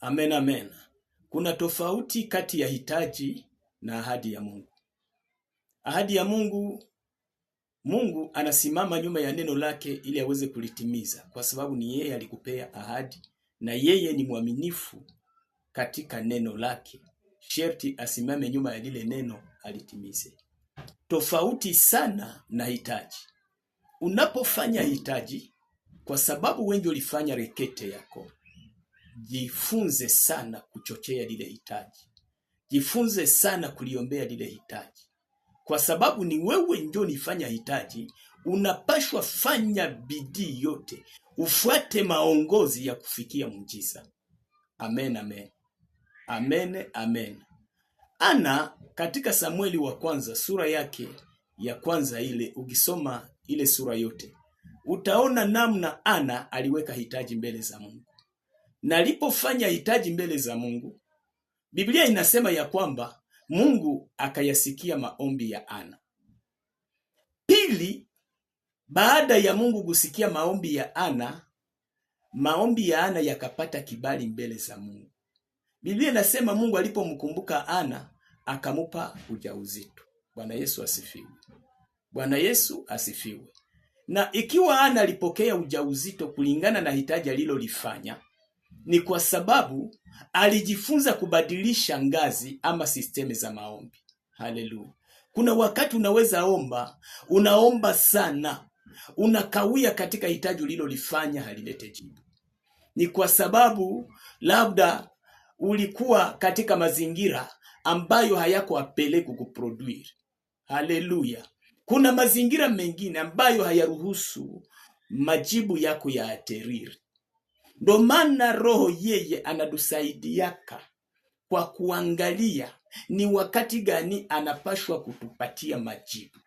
Amen, amen. Kuna tofauti kati ya hitaji na ahadi ya Mungu. Ahadi ya Mungu, Mungu anasimama nyuma ya neno lake ili aweze kulitimiza, kwa sababu ni yeye alikupea ahadi na yeye ni mwaminifu katika neno lake. Sherti asimame nyuma ya lile neno alitimize. Tofauti sana na hitaji. Unapofanya hitaji, kwa sababu wengi ulifanya rekete yako jifunze sana kuchochea lile hitaji, jifunze sana kuliombea lile hitaji, kwa sababu ni wewe ndio nifanya hitaji. Unapashwa fanya bidii yote, ufuate maongozi ya kufikia mujiza. Amen, amen, amen, amen. Ana katika Samueli wa kwanza sura yake ya kwanza ile, ukisoma ile sura yote utaona namna Ana aliweka hitaji mbele za Mungu nalipofanya hitaji mbele za Mungu, Biblia inasema ya kwamba Mungu akayasikia maombi ya Ana. Pili, baada ya Mungu kusikia maombi ya Ana, maombi ya Ana yakapata kibali mbele za Mungu. Biblia inasema Mungu alipomkumbuka Ana akamupa ujauzito. Bwana Yesu asifiwe. Bwana Yesu asifiwe. Na ikiwa Ana alipokea ujauzito kulingana na hitaji alilolifanya, ni kwa sababu alijifunza kubadilisha ngazi ama sistemi za maombi. Haleluya! Kuna wakati unaweza omba, unaomba sana, unakawia katika hitaji ulilolifanya halilete jibu. Ni kwa sababu labda ulikuwa katika mazingira ambayo hayako apeleke kuproduire. Haleluya! Kuna mazingira mengine ambayo hayaruhusu majibu yako ya ateriri Ndo maana Roho yeye anatusaidiaka kwa kuangalia ni wakati gani anapashwa kutupatia majibu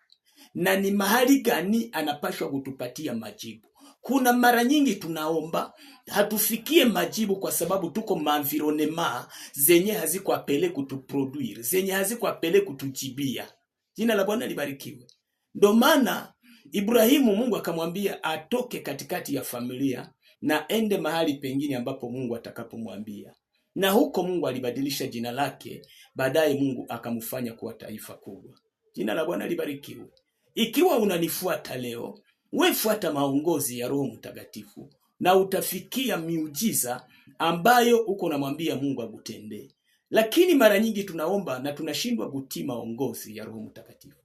na ni mahali gani anapashwa kutupatia majibu. Kuna mara nyingi tunaomba hatufikie majibu kwa sababu tuko mavironema zenye hazikwapele kutuproduire, zenye hazikwapele kutujibia. Jina la Bwana libarikiwe. Ndo maana Ibrahimu Mungu akamwambia atoke katikati ya familia na ende mahali pengine ambapo Mungu atakapomwambia. Na huko Mungu alibadilisha jina lake, baadaye Mungu akamfanya kuwa taifa kubwa. Jina la Bwana libarikiwe. Ikiwa unanifuata leo, wefuata maongozi ya Roho Mtakatifu na utafikia miujiza ambayo uko unamwambia Mungu akutendee. Lakini mara nyingi tunaomba na tunashindwa kutii maongozi ya Roho Mtakatifu.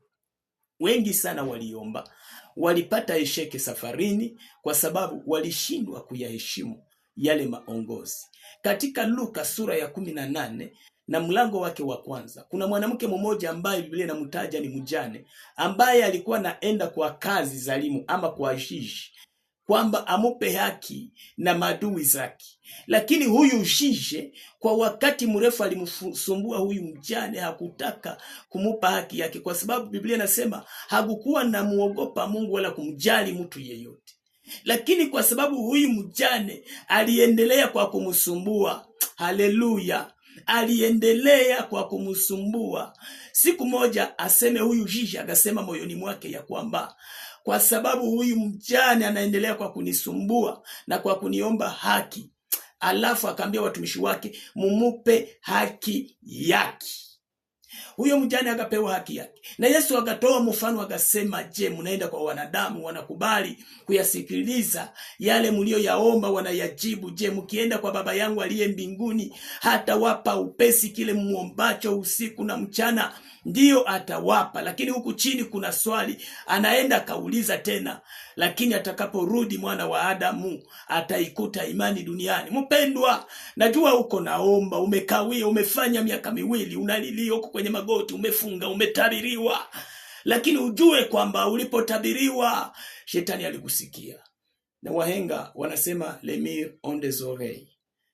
Wengi sana waliomba walipata esheke safarini kwa sababu walishindwa kuyaheshimu yale maongozi. Katika Luka sura ya kumi na nane na mlango wake wa kwanza kuna mwanamke mmoja ambaye Biblia inamtaja ni mjane, ambaye alikuwa naenda kwa kazi zalimu ama kwa shishi kwamba amupe haki na maadui zake, lakini huyu shije kwa wakati mrefu alimsumbua huyu mjane, hakutaka kumupa haki yake, kwa sababu Biblia inasema hakukuwa na muogopa Mungu wala kumjali mtu yeyote. Lakini kwa sababu huyu mjane aliendelea kwa kumsumbua, haleluya, aliendelea kwa kumsumbua. Siku moja aseme huyu shije, akasema moyoni mwake ya kwamba kwa sababu huyu mjane anaendelea kwa kunisumbua na kwa kuniomba haki. Alafu akaambia watumishi wake, mumupe haki yake huyo mjane akapewa haki yake. Na Yesu akatoa mfano akasema, je, mnaenda kwa wanadamu wanakubali kuyasikiliza yale mlioyaomba, wanayajibu. Je, mkienda kwa Baba yangu aliye mbinguni hatawapa upesi kile muombacho usiku na mchana? Ndiyo, atawapa. Lakini huku chini kuna swali, anaenda akauliza tena, lakini atakaporudi mwana wa Adamu ataikuta imani duniani? Mpendwa, najua uko naomba, umekawia, umefanya miaka miwili, unalilia huko kwenye magoti, umefunga, umetabiriwa, lakini ujue kwamba ulipotabiriwa shetani alikusikia. Na wahenga wanasema lemir mire des oreilles,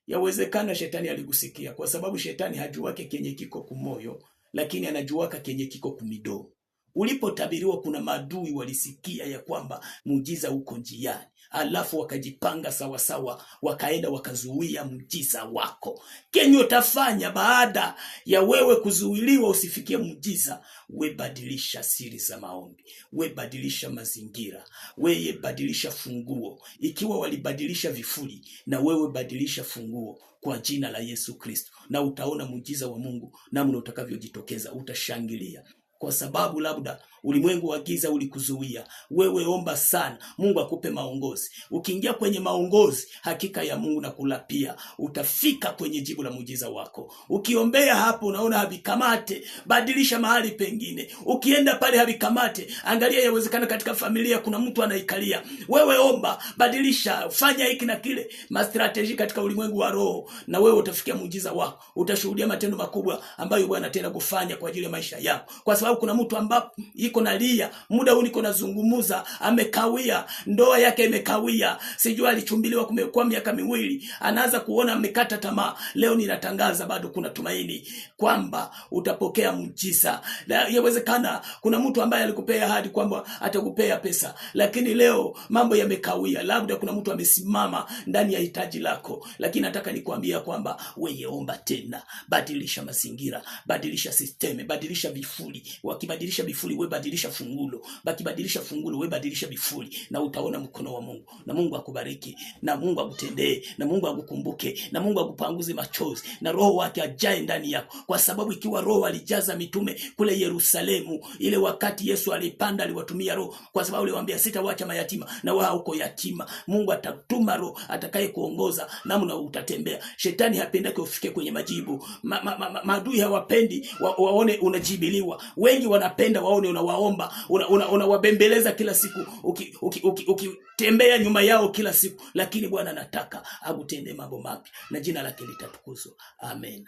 yawezekana shetani alikusikia, kwa sababu shetani hajuake kenye kiko kumoyo, lakini anajuaka kenye kiko kumidomo. Ulipotabiriwa kuna maadui walisikia ya kwamba muujiza uko njiani, alafu wakajipanga sawasawa, wakaenda wakazuia muujiza wako. Kenye utafanya baada ya wewe kuzuiliwa usifikie muujiza? Webadilisha siri za maombi, webadilisha mazingira, weyebadilisha funguo. Ikiwa walibadilisha vifuli, na wewe badilisha funguo kwa jina la Yesu Kristo, na utaona muujiza wa Mungu namna utakavyojitokeza. Utashangilia kwa sababu labda ulimwengu wa giza ulikuzuia wewe. Omba sana Mungu akupe maongozi. Ukiingia kwenye maongozi, hakika ya Mungu nakulapia, utafika kwenye jibu la muujiza wako. Ukiombea hapo, unaona havikamate, badilisha mahali pengine. Ukienda pale havikamate, angalia, yawezekana katika familia kuna mtu anaikalia. Wewe omba, badilisha, fanya hiki na kile, mastrateji katika ulimwengu wa roho, na wewe utafikia muujiza wako, utashuhudia matendo makubwa ambayo Bwana tena kufanya kwa ajili ya maisha yako, kwa sababu angalau kuna mtu ambapo iko na lia muda huu niko nazungumuza, amekawia, ndoa yake imekawia, sijua alichumbiliwa kumekuwa miaka miwili, anaanza kuona amekata tamaa. Leo ninatangaza bado kuna tumaini kwamba utapokea mjisa. Yawezekana kuna mtu ambaye alikupea hadi kwamba atakupea pesa, lakini leo mambo yamekawia. Labda kuna mtu amesimama ndani ya hitaji lako, lakini nataka nikuambia kwamba weyeomba tena, badilisha mazingira, badilisha sisteme, badilisha vifuli wakibadilisha bifuli, we badilisha fungulo, bakibadilisha fungulo, we badilisha bifuli, na utaona mkono wa Mungu. Na Mungu akubariki, na Mungu akutendee, na Mungu akukumbuke, na Mungu akupanguze machozi, na roho wake ajae ndani yako, kwa sababu ikiwa roho alijaza mitume kule Yerusalemu, ile wakati Yesu alipanda, aliwatumia roho, kwa sababu aliwaambia sitawacha mayatima, na wao huko yatima. Mungu atatuma roho atakaye kuongoza, namna utatembea. Shetani hapendaki ufike kwenye majibu, maadui ma, ma, ma, hawapendi wa, waone unajibiliwa we wengi wanapenda waone unawaomba, unawabembeleza, una, una kila siku ukitembea uki, uki, uki, nyuma yao kila siku, lakini Bwana anataka akutende mambo mapya na jina lake litatukuzwa. Amen.